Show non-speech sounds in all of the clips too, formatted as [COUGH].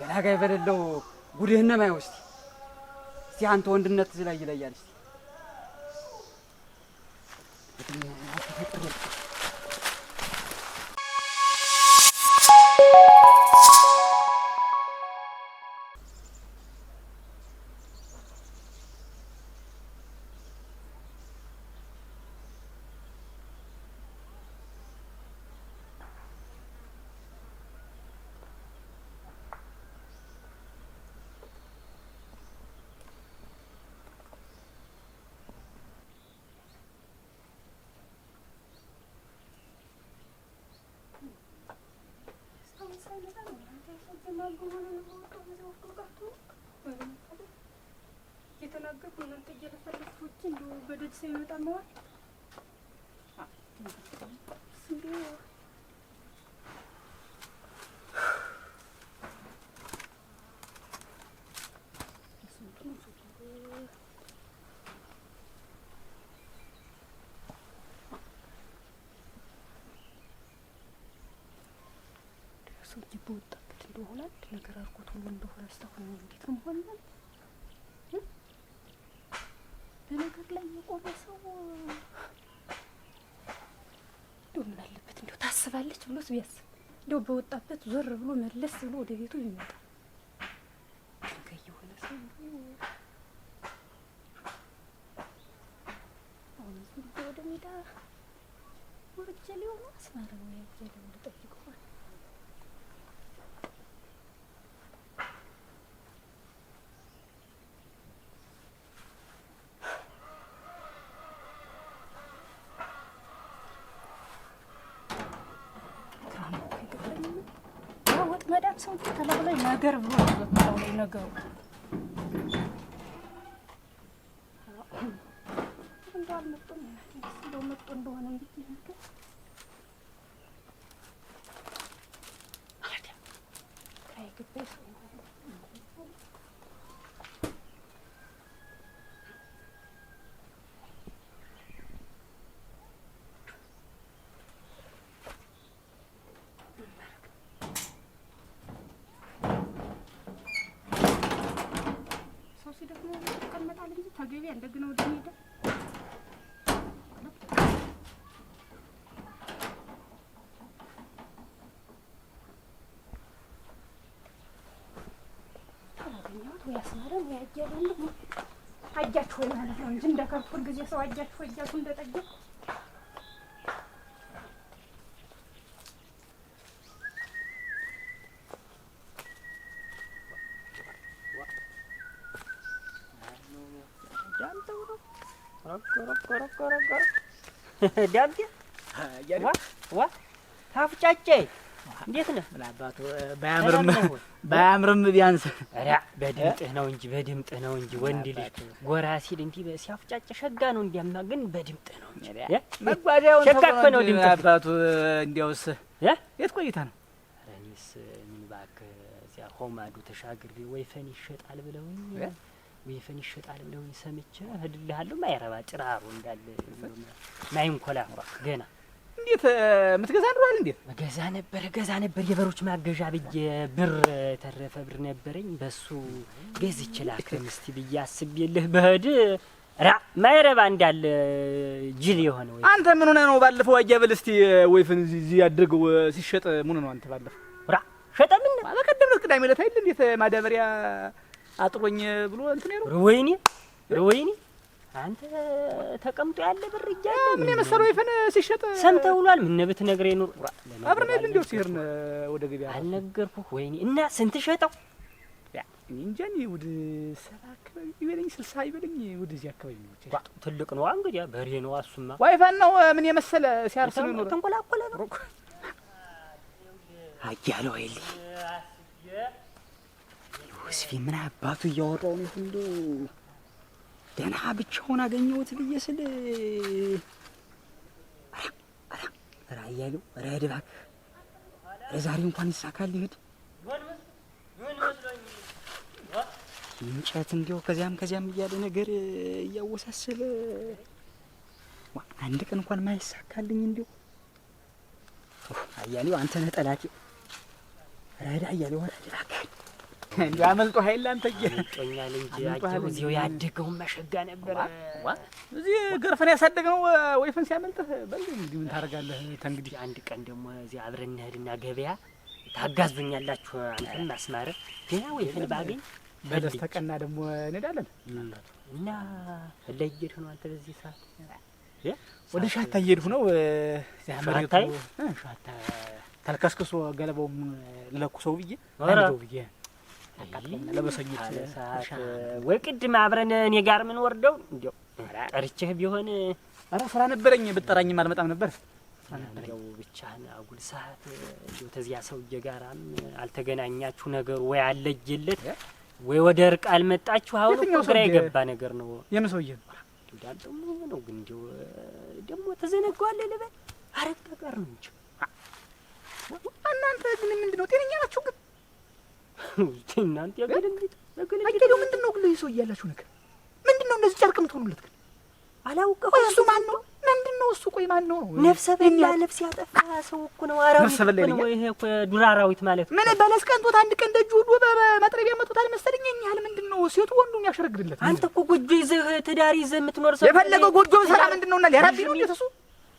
ገላጋይ በሌለው ጉድህነ አይወስድ። እስቲ አንተ ወንድነት ላይ ይለያል። ሰው እጅ በወጣበት እንደው ነገር አድርጎት ሁሉ እንደሆነ አስተውሎኝ እንዴት ታስባለች ብሎ ቢያስብ እንደው በወጣበት ዞር ብሎ መለስ ብሎ ወደ ቤቱ ይመጣ። ድንጋይ የሆነ ሰው አሁን ወደ ሜዳ ወርጀሌ ሆኖ አስማረ ነው ያጀለው የመዳም ሰው ተለብ ላይ ነገር ብሎ ነው ላይ ነገሩ እንደው አልመጡም። እንደው መጡ እንደሆነ እንግዲህ ነገር አይ ግቤ ያገኘሁት ወይ አስማረም ወይ አጃለሁ አጃችሁ ወይ ማለት ነው እንጂ እንደ ከርኩን ጊዜ ሰው አጃችሁ ወይ እያልኩ እንደጠየኩ ዳምጤ ዋ ዋ ታፍጫጨ እንዴት ነህ? ለአባቱ ባያምርም [LAUGHS] ባያምርም ቢያንስ [LAUGHS] በድምጥህ ነው እንጂ በድምጥህ ነው እንጂ ወንድ ልጅ ጎራ ሲል እንዲህ ሲያፍጫጭ ሸጋ ነው። እንዲያማ ግን በድምጥህ ነው እንጂ መጓዣውን ሸካኮ ነው ድምጥህ። አባቱ እንዲያውስ የት ቆይታ ነው? ኧረ እኔስ ምን እባክህ እዚያ ሆማዱ ተሻግሬ ወይፈን ይሸጣል ብለውኝ ወይፈን ይሸጣል ብለውኝ ሰምቼ እህድልሃለሁ። ማይረባ ጭራሩ እንዳለ ማይንኮላኩራ ገና እንዴት የምትገዛ ኑሯል? እንዴት ገዛ ነበር ገዛ ነበር። የበሮች ማገዣ ብዬ ብር ተረፈ ብር ነበረኝ። በሱ ገዝ ይችላል ከምስቲ ብዬ አስቤልህ በህድ ራ ማይረባ እንዳለ ጅል የሆነ ወይ አንተ ምን ሆነ ነው? ባለፈው አያበል እስቲ ወይፍን እዚህ ያድርገው ሲሸጥ ምን ነው አንተ ባለፈው ራ ሸጠ ምን ነው በቀደም ነው ቅዳሜ ዕለት አይደል እንዴት ማዳበሪያ አጥሮኝ ብሎ እንትን ነው ወይኔ ወይኔ አንተ ተቀምጦ ያለ ብር እያለ ምን የመሰለው ይፈን ሲሸጥ ሰምተህ ውሏል? ምን ብትነግረኝ ኑር አብረን አይደል እንዴው ሲሄድን ወደ ገበያ አልነገርኩ። ወይኔ እና ስንት ሸጠው? እንጃ ውድ ወደ ሰባ አካባቢ ይበለኝ ስልሳ ይበለኝ ወደዚህ አካባቢ ነው። ትልቅ ነዋ እንግዲያ በሬ ነዋ። እሱማ ዋይፋን ነው ምን የመሰለ ሲያርስ ነው ተንቆላቆለ ነው አያለ አይል ዮሴፍ ምን አባቱ እያወራው ነው እንዴ? ደህና ብቻውን አገኘሁት ብዬ ስል ራ እያየው ራ ድባክ ዛሬ እንኳን ይሳካል። ይሄድ እንጨት እንዲያው ከዚያም ከዚያም እያለ ነገር እያወሳሰለ አንድ ቀን እንኳን ማይሳካልኝ እንዲሁ አያሌው አንተ ነህ ጠላቴ። ራዳ አያሌው ራ እንዲያመልጦ ኃይል አንተ ጦኛል እንጂ እዚሁ ያደገው መሸጋ ነበር። እዚህ ገርፈን ያሳደግነው ወይፈን ሲያመልጥህ በል እንዲህ ምን ታደርጋለህ? ተንግዲህ አንድ ቀን ደግሞ እዚህ አብረን እንሂድና ገበያ ታጋዙኛላችሁ። አንተም አስማረ ገና ወይፈን ባገኝ በለስ ተቀና ደግሞ እንሄዳለን እና ለየድ እየሄድህ ነው አንተ በዚህ ሰዓት ወደ ሻታ እየሄድሁ ነው። ሻታ ተልከስክሶ ገለባውም ልለኩሰው ብዬ ነው ብዬ ለበሰኞች ወይ ቅድም አብረን እኔ ጋር ምን ወርደው እንዲያው ጠርቼህ ቢሆን ኧረ ስራ ነበረኝ። ብጠራኝም አልመጣም ነበር። እንዲያው ብቻህን አጉል ሰዓት እንዲያው ተዚያ ሰውዬ ጋራም አልተገናኛችሁ ነገሩ ወይ አለየለት ወይ ወደ እርቅ አልመጣችሁ። አሁን እኮ ግራ የገባ ነገር ነው። የምን ሰውዬ ነው? ዳልጠሙ ነው ግን እንዲያው ደግሞ ተዘነጋዋለህ ልበል አረጋ ነው እንጂ እናንተ ግን ምንድን ነው እናንተ ያገለግል ያገለግል ምንድን ነው ግን ሰው እያላችሁ ነገር ምንድን ነው? እነዚህ ጨርቅ የምትሆኑለት ግን አላውቀው። እሱ ማን ነው? ምንድን ነው እሱ? ቆይ ማን ነው? ነፍሰ በላ ነፍስ ያጠፋ ሰው እኮ ነው። አራዊት ነው ይሄ እኮ የዱር አራዊት ማለት ነው። ምን በለስ ቀንቶት አንድ ቀን ደጅ ሁሉ በመጥረቢያ መጥቶታል መሰለኝ። እኛ ያህል ምንድን ነው ሴቱ ወንዱን ያሸረግድለት። አንተ እኮ ጎጆ ይዘህ ትዳር ይዘህ የምትኖር ሰው የፈለገው ጎጆ ሰራ ምንድን ነው እና ሊያራቢ ነው እንዴት እሱ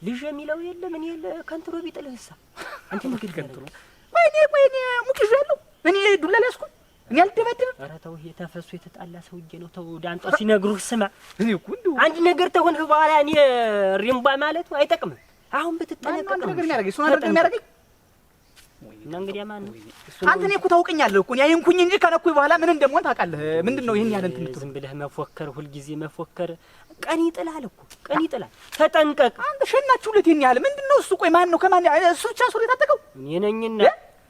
ልጅ የሚለው የለ ምን የለ ከንትሮ ቢጥልህ ሳ አንተ ምግድ ከንትሮ ወይኔ ወይኔ ሙቅ ይዣለሁ እኔ ዱላ ላስኩ እኔ አልደባደብም። ኧረ ተው፣ የተፈሱ የተጣላ ሰውዬ ነው። ተው ዳንጦ ሲነግሩህ ስማ። እኔ እኮ እንደው አንድ ነገር ተሆንህ በኋላ እኔ ሪምባ ማለቱ አይጠቅምም። አሁን ብትጠነቀቅ ነገር እሱን እና እንግዲህ ማን ነው አንተ? እኔ እኮ ታውቀኛለህ እኮ እንጂ ከነኩኝ በኋላ ምን እንደምሆን ታውቃለህ። ምንድን ነው ይሄን እንትን ዝም ብለህ መፎከር፣ ሁልጊዜ መፎከር ቀን ይጥላል እኮ ቀን ይጥላል። ተጠንቀቅ አንተ። ሸናችሁለት ይሄን ያህል ምንድን ነው እሱ? ቆይ ማን ነው ከማን እሱ? ብቻ ሱሪ የታጠቀው እኔ ነኝና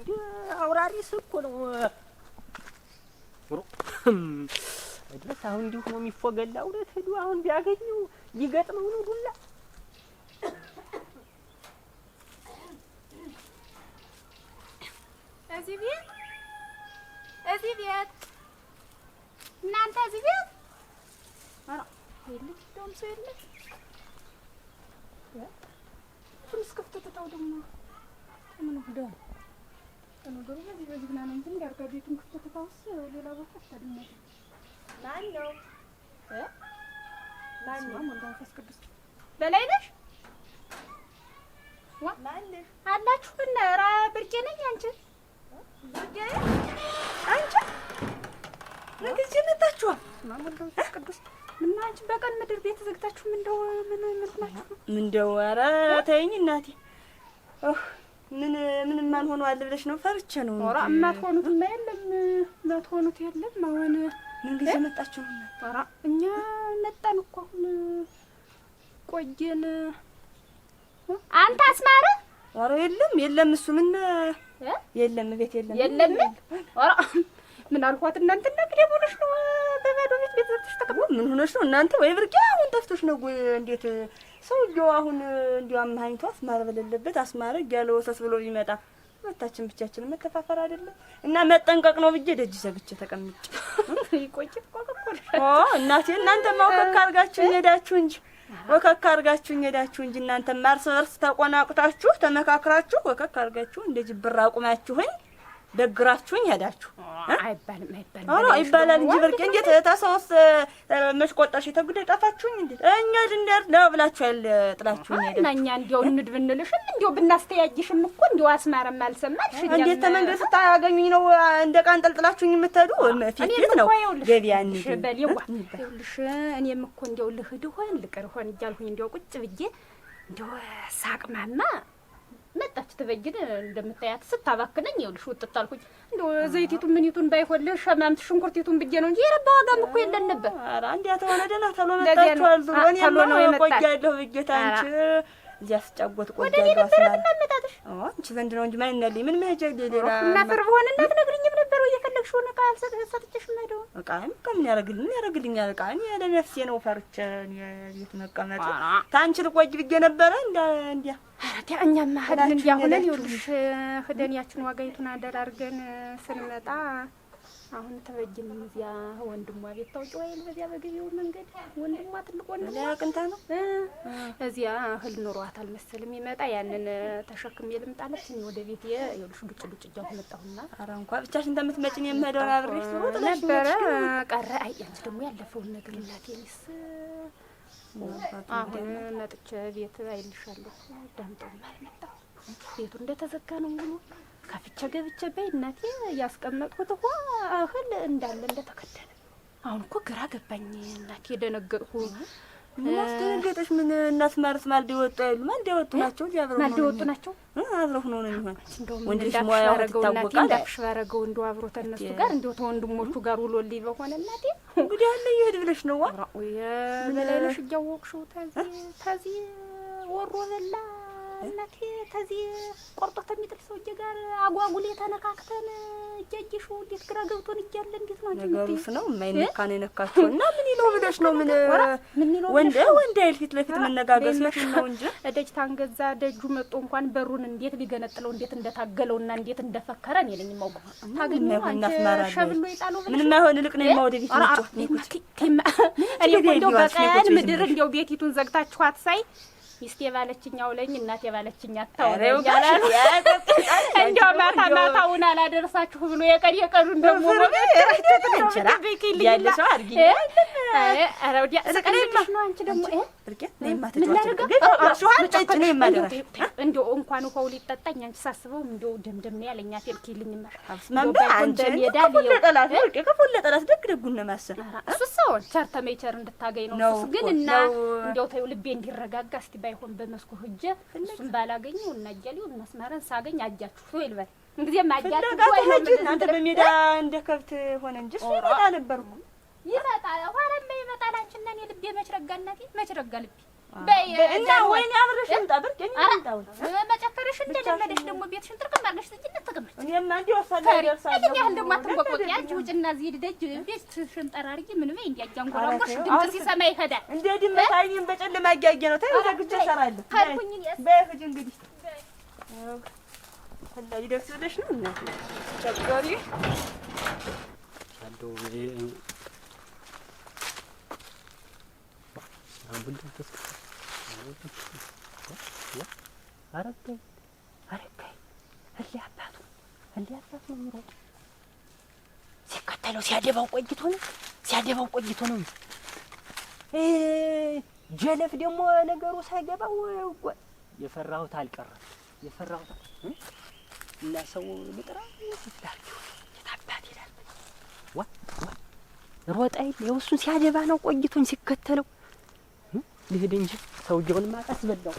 እንደ አውራሪስ እኮ ነው። ድረስ አሁን እንዲሁ የሚፎገላ እውነት ሄዱ። አሁን ቢያገኘው ሊገጥመው ነው ዱላ እዚህ ቤት እዚህ ቤት እናንተ እዚህ ቤት ኧረ የለም፣ እንደውም ሰው የለም። ትንሽ ክፍት ትተው ደግሞ ምን ነገሩ በዚህ በዚህ ምናምን እንትን ዳርጋ ቤቱን ክፍት ትታውስ ሌላ ቦታ አታድነት። ማን ነው ማን ነው? መንፈስ ቅዱስ በላይ ነሽ አላችሁ እና ራ ብርቄ ነኝ። አንቺ ብርቄ አንቺ ምን መንፈስ ቅዱስ አንቺ በቀን ምድር ቤት ዘግታችሁ ምን እንደው ምን ምን ናችሁ? ምን እንደው ኧረ ተይኝ እናቴ ምን ምን ማን ሆኖ አለ ብለሽ ነው? ፈርቼ ነው። ኧረ የማትሆኑት ማ የለም የማትሆኑት የለም። አሁን ምን ጊዜ መጣችሁ? ኧረ እኛ መጣን እኮ አሁን ቆየን። አንተ አስማረ ኧረ የለም የለም፣ እሱ ምን የለም፣ ቤት የለም የለም። ኧረ ምን አልኳት? እናንተ ነግሬ ብሎሽ ነው በባዶ ቤት ቤት ዘግተሽ ምን ሆነሽ ነው እናንተ? ወይ ብርቅ አሁን ጠፍቶሽ ነው እንዴት ሰው ሰውዬው አሁን እንዲሁ አማኝቶ አስማረ በሌለበት አስማረ እያለ ወሰስ ብሎ ቢመጣ መታችን ብቻችን መከፋፈር አይደለም እና መጠንቀቅ ነው ብዬ ደጅ ዘግቼ ተቀምጬ ይቆጭ [LAUGHS] ቆቆቆል ኦ እናቴ እናንተማ ወከካ አድርጋችሁ ሄዳችሁ እንጂ ወከካ አድርጋችሁ ሄዳችሁ እንጂ እናንተማ እርስ በርስ ተቆናቁታችሁ ተመካክራችሁ ወከካ አድርጋችሁ እንደ ጅብራ አቁማችሁኝ ደግራችሁኝ ሄዳችሁ አይባልም አይባልም። ይባላል እንጂ ብርቅ እንዴት ተሰውስ መሽቆጣሽ የተጉደ ጠፋችሁኝ እንዴ? እኛ ድንዳር ነው ብላችሁ ያል ጥላችሁኝ ሄዳ እና እኛ እንዲያው እንድ ብንልሽም እንዲያው ብናስተያይሽም እኮ እንዲያው አስማረም አልሰማልሽ። እንዴት ተመንገድ ስታገኙኝ ነው እንደ ቃን ጠልጥላችሁኝ የምትሄዱ? ፊት ነው ገቢያ እንጂ እኔም እኮ እንዲያው ልሂድ ሆን ልቅር ሆን እያልሁኝ እንዲያው ቁጭ ብዬ እንዲያው ሳቅማማ መጣች ትበይን እንደምታያት ስታባክነኝ ይኸውልሽ ውጥት አልኩኝ። እንደው ዘይቲቱን ምኒቱን ባይሆን ሸማምት ሽንኩርቲቱን ብዬ ነው እንጂ የረባ ዋጋም እኮ የለን ነበር። ኧረ እንዲያ ተሆነ ደህና ተሎ መጣችኋል። ድሮ እኔ ነው ቆያለሁ ብዬሽ አንቺ እዚያ ስጫጎት ቆያለሁ። ወደ እኔ ነበረ ምናመጣትሽ አንቺ ዘንድ ነው እንጂ ማን ያለኝ ምን መሄጃ ሌላ እና ፍርብ ሆንና ትነግሪኝ የፈለግሽውን እቃ ሰጥቼሽ የምሄደውን እቃ እኮ ያደርግልኝ ያደርግልኛል? እቃ ለነፍሴ ነው ፈርቼ መቀመጥ ታንቺ ልቆይ ብዬሽ ነበረ። እንዲያ እንዲያ እኛማ ህዳን እንዲያ ሁነን ይኸውልሽ ህደንያችን ዋጋይቱን አደር ስንመጣ አሁን ተበጅም እዚያ ወንድሟ ቤት ታውቂ ወይ? በዚያ በግቢው መንገድ ወንድሟ ትልቅ ወንድሟ ቅንታ ነው። እዚያ እህል ኑሯታል አልመሰልም ይመጣ ያንን ተሸክሜ ልምጣለች ወደ ቤት የሉሽ ዱጭ ዱጭ እያሁ መጣሁና፣ ኧረ እንኳ ብቻሽን ተምትመጭ የምሄደውን አብሬሽ ሩጥ ነበረ ቀረ። አይ አንቺ ደግሞ ያለፈውን ነገር እናቴ ሊስ አሁን መጥቼ ቤት አይልሻለሁ። ዳምጠውም አልመጣም ቤቱ እንደተዘጋ ነው ሙሉ ከፍቼ ገብቼ በይ እናቴ ያስቀመጥኩት ውሃ እህል እንዳለ እንደተከደነ። አሁን እኮ ግራ ገባኝ እናቴ፣ የደነገጥኩ አስደነገጠሽ። ምን እናት ማለት ማልደ ወጡ አይሉ ማልደ ወጡ ናቸው እ ማልደ ወጡ ናቸው። አብረው ነው ነው የሚሆን ወንድሽ ሙያው ትታወቃል። እንዳፍሽ ባረገው እንደው አብሮ ተነሱ ጋር እንደው ተወንድሞቹ ጋር ውሎልኝ በሆነ እናቴ፣ እንግዲህ አለ ይሄድ ብለሽ ነው ምን ላይ በላይነሽ እያወቅሽው ታዚህ ታዚህ ወሮ በላ እናቴ ተዚህ ቆርጦ ከሚጥል ሰውዬ ጋር አጓጉል የተነካክተን እጃጅሹ እንዴት ግራ ገብቶን እያለ እንዴት ነው ነገሩስ? ነው የማይነካን የነካቸው እና ምን ይለው ብለሽ ነው? ምን ወንድ ወንድ አይል ፊት ለፊት መነጋገር ነው እንጂ ደጅ ታንገዛ ደጁ መጦ እንኳን በሩን እንዴት ሊገነጥለው እንዴት እንደታገለው እና እንዴት እንደፈከረ እኔ ነኝ የማውቀው። ታገኘው አንቺ ሸብሎ ይጣሉ ምንም አይሆን ልቅ ነው የማወደ ቤት ነው። እኔ እኮ በቀን ምድር እንደው ቤቲቱን ዘግታችኋት ሳይ ሚስቴ ባለችኛው ለኝ እናቴ ባለችኝ አታውረው ያላል። እንዲያው ማታ ማታውን አላደርሳችሁ ብሎ የቀን የቀኑን ደግሞ ነው። ብርጌት እንኳን ውሀው ሊጠጣኝ አንቺ ሳስበው እንደው ደምደም ነው ያለኝ። አፌን ኪልኝ ደግ ደጉን ነው ማሰብ እሱ ሰውን ቸር ተመይ እንድታገኝ ነው ግን እና እንደው ተይው ልቤ እንዲረጋጋ እስቲ ባይሆን በመስኩ ሂጅ እሱም ባላገኘው እና እያሌውን መስመረን ሳገኝ አጃችሁ ይልበል እንግዲህ ማጃችሁ ወይ እናንተ በሜዳ እንደ ከብት ሆነ እንጂ እሱ ይመጣ ነበር እኮ ይመጣል። ኋላማ ይመጣል። አንቺና እኔ ልቤ መች ረጋ እናቴ፣ መች ረጋ ልቤ እና ወይኔ አብረሽ እንጣ ብርቅ መጨፈርሽ እንደለመደሽ ደግሞ ቤትሽን ጥርቅም አድርገሽ ትጭነት ተቀመጭ። እኔማ እንዲህ ያህል ደግሞ አትንቆቆቂ። አንቺ ውጭና እዚህ ደጅ ቤትሽን ጠራርጊ። ምን በይ እንዲያ እያንጎራጎርሽ ድምፅ ሲሰማ ይሄዳል። እንደ ድመት በጨለማ አጊያጊ ነው። ተይ ወደ ግቼ እሰራለሁ በይ ሂጂ እንግዲህ ይደርስ ነው እናቴ ቸገሪ ሲከተለው ሲያደባው ቆይቶ ነው ሲያደባው ቆይቶ ነው። ጀለፍ ደግሞ ነገሩ ሳይገባው የፈራሁት አልቀረም የፈራሁት እና ሰው ልጥራ የታባት ይላል የውሱን ሲያደባ ነው ቆይቶኝ ሲከተለው ልሂድ እንጂ ሰውየውን ማጣስ በላው።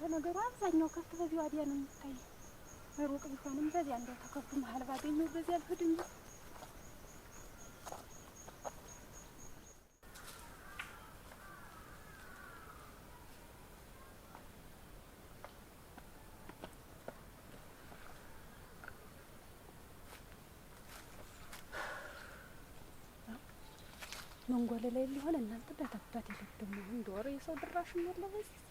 ለነገሩ አብዛኛው ከብት በዚህ ወዲያ ነው የሚታይ ሩቅ ቢሆንም በዚያ እንደው ተከብቱ መሀል ባገኘው በዚያ ልሂድ እንጂ መንጎለ ላይ ሊሆን እናንተ ዳታባት የለብም አሁን ዶሮ የሰው ድራሽ ያለ በዚህ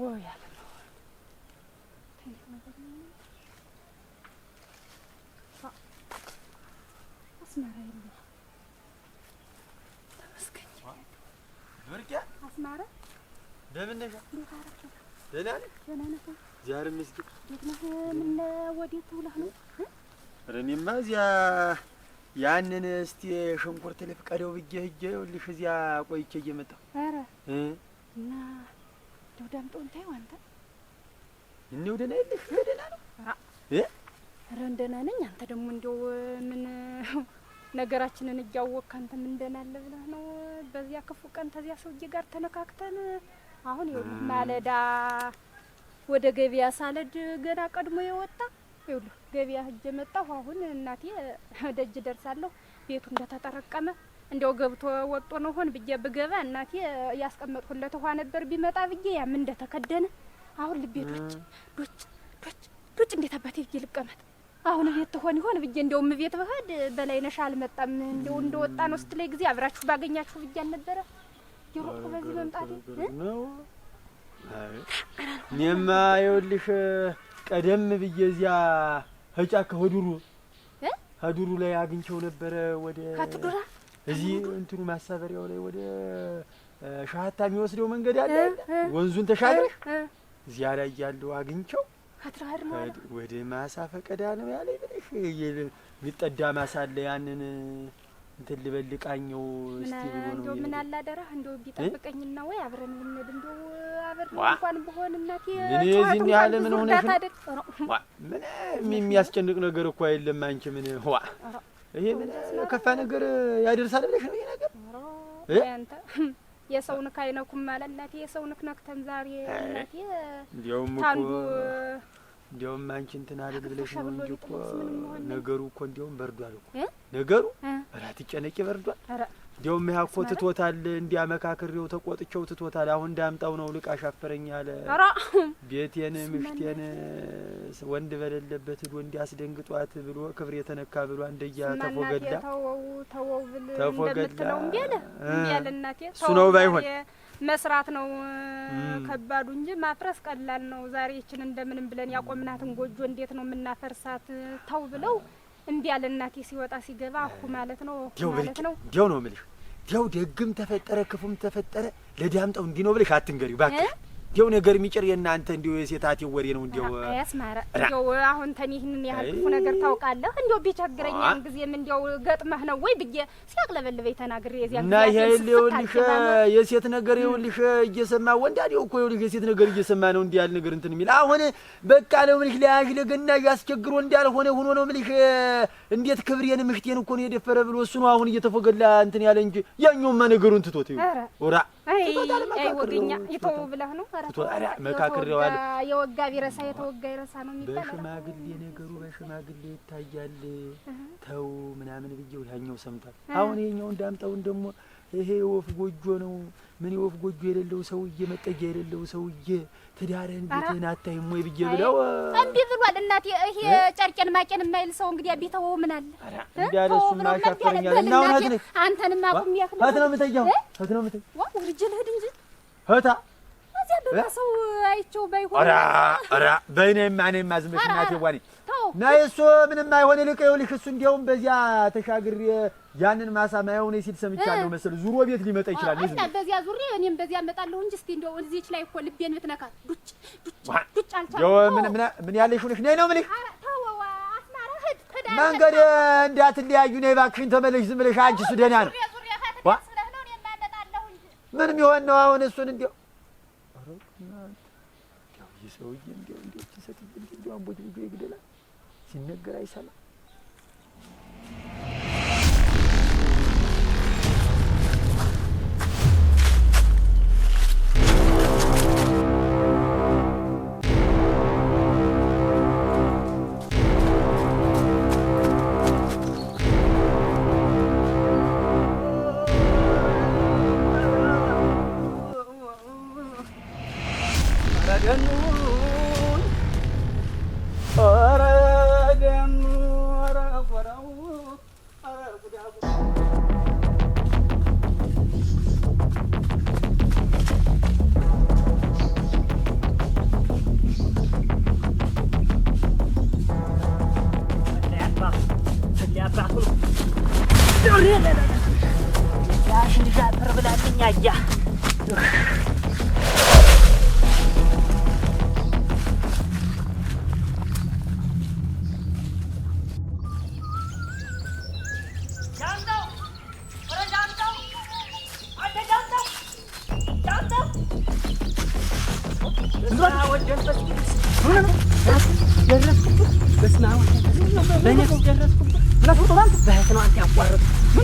ወይ ያለ አስመራ የለ አስመራ ደህና ነህ ዛሬ መስጊድ ደግነህ ምን ወዴት ውለህ ነው ኧረ እኔማ እዚያ ያንን እስቲ ሽንኩርት ልፍቀደው ብዬ ሂጅ ይኸውልሽ እዚያ ቆይቼ እየመጣሁ ኧረ እና እንደው ዳምጠው እንታየው አንተ እኔው ደህና የለሽ ደህና ነው እ ኧረ ደህና ነኝ አንተ ደግሞ እንደው ምን ነገራችንን እያወቅህ አንተ ምን ደህና አለ ብለህ ነው በዚያ ክፉ ቀን ተዚያ ሰውዬ ጋር ተነካክተን አሁን ይኸውልህ ማለዳ ወደ ገበያ ሳለድ ገና ቀድሞ የወጣ ይኸውልህ ገበያ ሂጅ መጣሁ። አሁን እናቴ ደጅ ደርሳለሁ። ቤቱ እንደተጠረቀመ እንዲያው ገብቶ ወጦ ነው ሆን ብዬ ብገባ እናቴ ያስቀመጥኩለት ውሃ ነበር ቢመጣ ብዬ ያም እንደተከደነ አሁን ልቤ ዶጭ ዶጭ ዶጭ ዶጭ። እንዴት አባቴ ብዬ ልቀመጥ? አሁን ቤት ትሆን ይሆን ብዬ እንዲያውም ቤት በላይ በላይነሽ አልመጣም እንደው እንደወጣ ነው ስትለይ ጊዜ አብራችሁ ባገኛችሁ ብዬ አልነበረ የሮጥኩ በዚህ መምጣቴ እኔማ ይኸውልሽ ቀደም ብዬ እዚያ ከጫካ ከዱሩ ከዱሩ ላይ አግኝቼው ነበረ። ወደ ካትዱራ እዚህ እንትኑ ማሳበሪያው ላይ ወደ ሻሀታ የሚወስደው መንገድ አለ። ወንዙን ተሻግረሽ እዚያ ላይ ያለው አግኝቼው ወደ ማሳ ፈቀዳ ነው ያለ ብለሽ የሚጠዳ ማሳ አለ ያንን እንትን ልበልቃኘው እስቲ ብሎ ነው። ምን አላደራህ እንደው ቢጠብቀኝና ወይ አብረን ብንሄድ እንደው አብረን እንኳን ብሆን እናቴ እኔ እዚህ ያለ ምን ሆነ ምን የሚያስጨንቅ ነገር እኮ አይደለም። አንቺ ምን ዋ ይሄ ምን ከፋ ነገር ያደርሳል ብለሽ ነው ይሄ ነገር አንተ የሰው ንክ አይነኩም ማለት እናቴ የሰው ንክ ነክተን ዛሬ እናቴ እንዲያውም እኮ እንዲያውም አንቺ እንትን አልል ብለሽ ነው እንጂ እኮ ነገሩ እኮ እንዲያውም በርዷል እኮ ነገሩ። ኧረ አትጨነቂ፣ በርዷል። እንዲያውም ይሄ እኮ ትቶታል። እንዲያ መካክሬው ተቆጥቼው ትቶታል። አሁን እንዳምጣው ነው ልቃ ሻፈረኝ አለ። ቤቴን ምሽቴን ወንድ በሌለበት ሂዶ እንዲያስደንግጧት ብሎ ክብር የተነካ ብሎ አንደያ ተፎገላ ተፎገላ እሱ ነው ባይሆን መስራት ነው ከባዱ እንጂ ማፍረስ ቀላል ነው። ዛሬ ይችን እንደምንም ብለን ያቆምናትን ጎጆ እንዴት ነው የምናፈርሳት? ተው ብለው እምቢ አለ። እናቴ ሲወጣ ሲገባ አሁ ማለት ነው ማለት ነው ነው የምልሽ። ያው ደግም ተፈጠረ ክፉም ተፈጠረ ለዳምጠው እንዲህ ነው ብለሽ አትንገሪው እባክሽ። እንዲያው ነገር የሚጭር የእናንተ እንዲው የሴታት ወሬ ነው። እንዲው ያስማረ እንዲያው አሁን ተን ይህንን ያህል ክፉ ነገር ታውቃለህ። እንዲው ቢቸግረኝ ያን ጊዜም እንዲው ገጥመህ ነው ወይ ብዬ ሲያቅለበልበኝ ተናግሬ የዚያ እና ይሄ ይኸውልሽ የሴት ነገር ይኸውልሽ እየሰማ ወንድ ያው እኮ ይኸውልሽ የሴት ነገር እየሰማ ነው እንዲያል ነገር እንትን የሚል አሁን በቃ ነው የምልሽ። ለያዥ ለገና ያስቸግሮ እንዳልሆነ ሆኖ ነው የምልሽ። እንዴት ክብሬን ምሽቴን እኮ ነው የደፈረ ብሎ እሱ ነው አሁን እየተፎገላ እንትን ያለ እንጂ ያኛውማ ነገሩን ትቶት ይኸው ራ ወገኛ መካክሬዋል። የወጋ ቢረሳ የተወጋ ይረሳ ነው የሚባለው። በሽማግሌ ነገሩ በሽማግሌ ይታያል። ተው ምናምን ብዬው ያኛው ሰምቷል። አሁን ይኸኛው እንዳምጠውን ደግሞ ይሄ የወፍ ጎጆ ነው። ምን የወፍ ጎጆ የሌለው ሰውዬ፣ መጠጊያ የሌለው ሰውዬ ትዳርህን ቤትህን አታይም ወይ ብዬ ብለው እምቢ ብሏል። እናቴ ይሄ ጨርቄን ማቄን የማይል ሰው እንግዲህ ቢተው ምን አለ እንዴ? አለሱ ማሻፈረኛል። እና አሁን አንተንም አቁም ያክል እህት ነው የምተኛው እህት ነው የምተኛው ወርጅልህ እንጂ እህታ እንደዚህ ያበባ ሰው አይቼው ባይሆን ኧረ ኧረ በእኔማ እኔማ ዝም ብለሽ እናቴ ዋኔ ነይ እሱ ምንም አይሆን። ይልቅ ይኸውልሽ እሱ እንዲያውም በዚያ ተሻግሬ ያንን ማሳ ማየውን ሲል ሰምቻለሁ መሰለህ። ዙሮ ቤት ሊመጣ ይችላል። እኔ በዚያ ዙሬ እኔም በዚያ እመጣለሁ እንጂ እስኪ እንደው እዚህች ላይ እኮ ልቤን ብትነካት ዱጭ ዱጭ አልቻልኩም። ምን ምን ያለሽ ሆነሽ ነይ ነው የምልሽ። መንገድ እንዳትለያዩ ነይ እባክሽን፣ ተመለሽ ዝም ብለሽ አንቺ እሱ ደህና ነው። ምን የሚሆን ነው አሁን እሱን እንዲያው ሰውዬ እንዲያው እንዲያው ሴትዬ እንዲያው አንቦት ልጁ ይግደላል ሲነገር አይሰማም።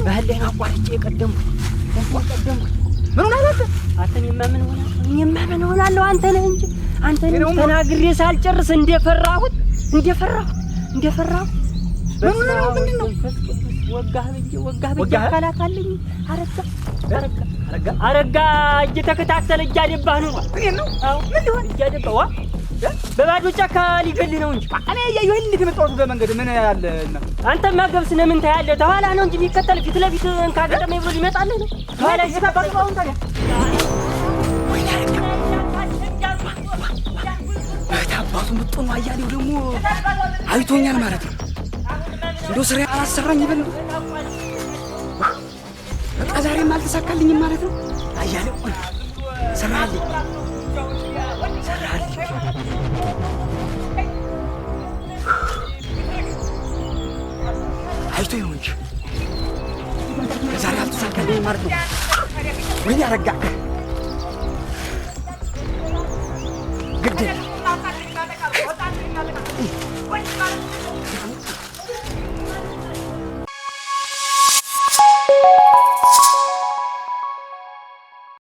ባህላይን አቋርጬ የቀደምኩት ቀደምኩት ምን ሆናለ አንተን የማምን ሆናለሁ የማምን ሆናለሁ አንተ ነህ እንጂ አንተ ተናግሬ ሳልጨርስ እንደፈራሁት እንደፈራሁት እንደፈራሁት ምን ነው ምንድን ነው ወጋህ ብዬ ወጋህ ብዬ አካላት አለኝ አረጋ አረጋ አረጋ እየተከታተለ እያደባህ ነው ነው ምን ሊሆን እያደባህ ዋ በባዶ ጫካ ሊገል ነው እንጂ እኔ እያየሁ እንዴት የመጣሁት በመንገድ ምን ያለ አንተ ማገብስ ነው ምን ታያለ? ተኋላ ነው እንጂ የሚከተል ፊት ለፊት ካገጠመኝ ብሎ ይመጣል ነው። ተኋላ ይሰጣጣው ታዲያ ታባቱ ምጥኑ አያሌው ደግሞ አይቶኛል ማለት ነው። እንዶ ስራ አላሰራኝ ይበል ነው በቃ ዛሬም አልተሳካልኝም ማለት ነው። አያሌው ስራ አለኝ ይሁን እንጂ ዛሬ አልተሳካልኝም ማለት ነው። ግድ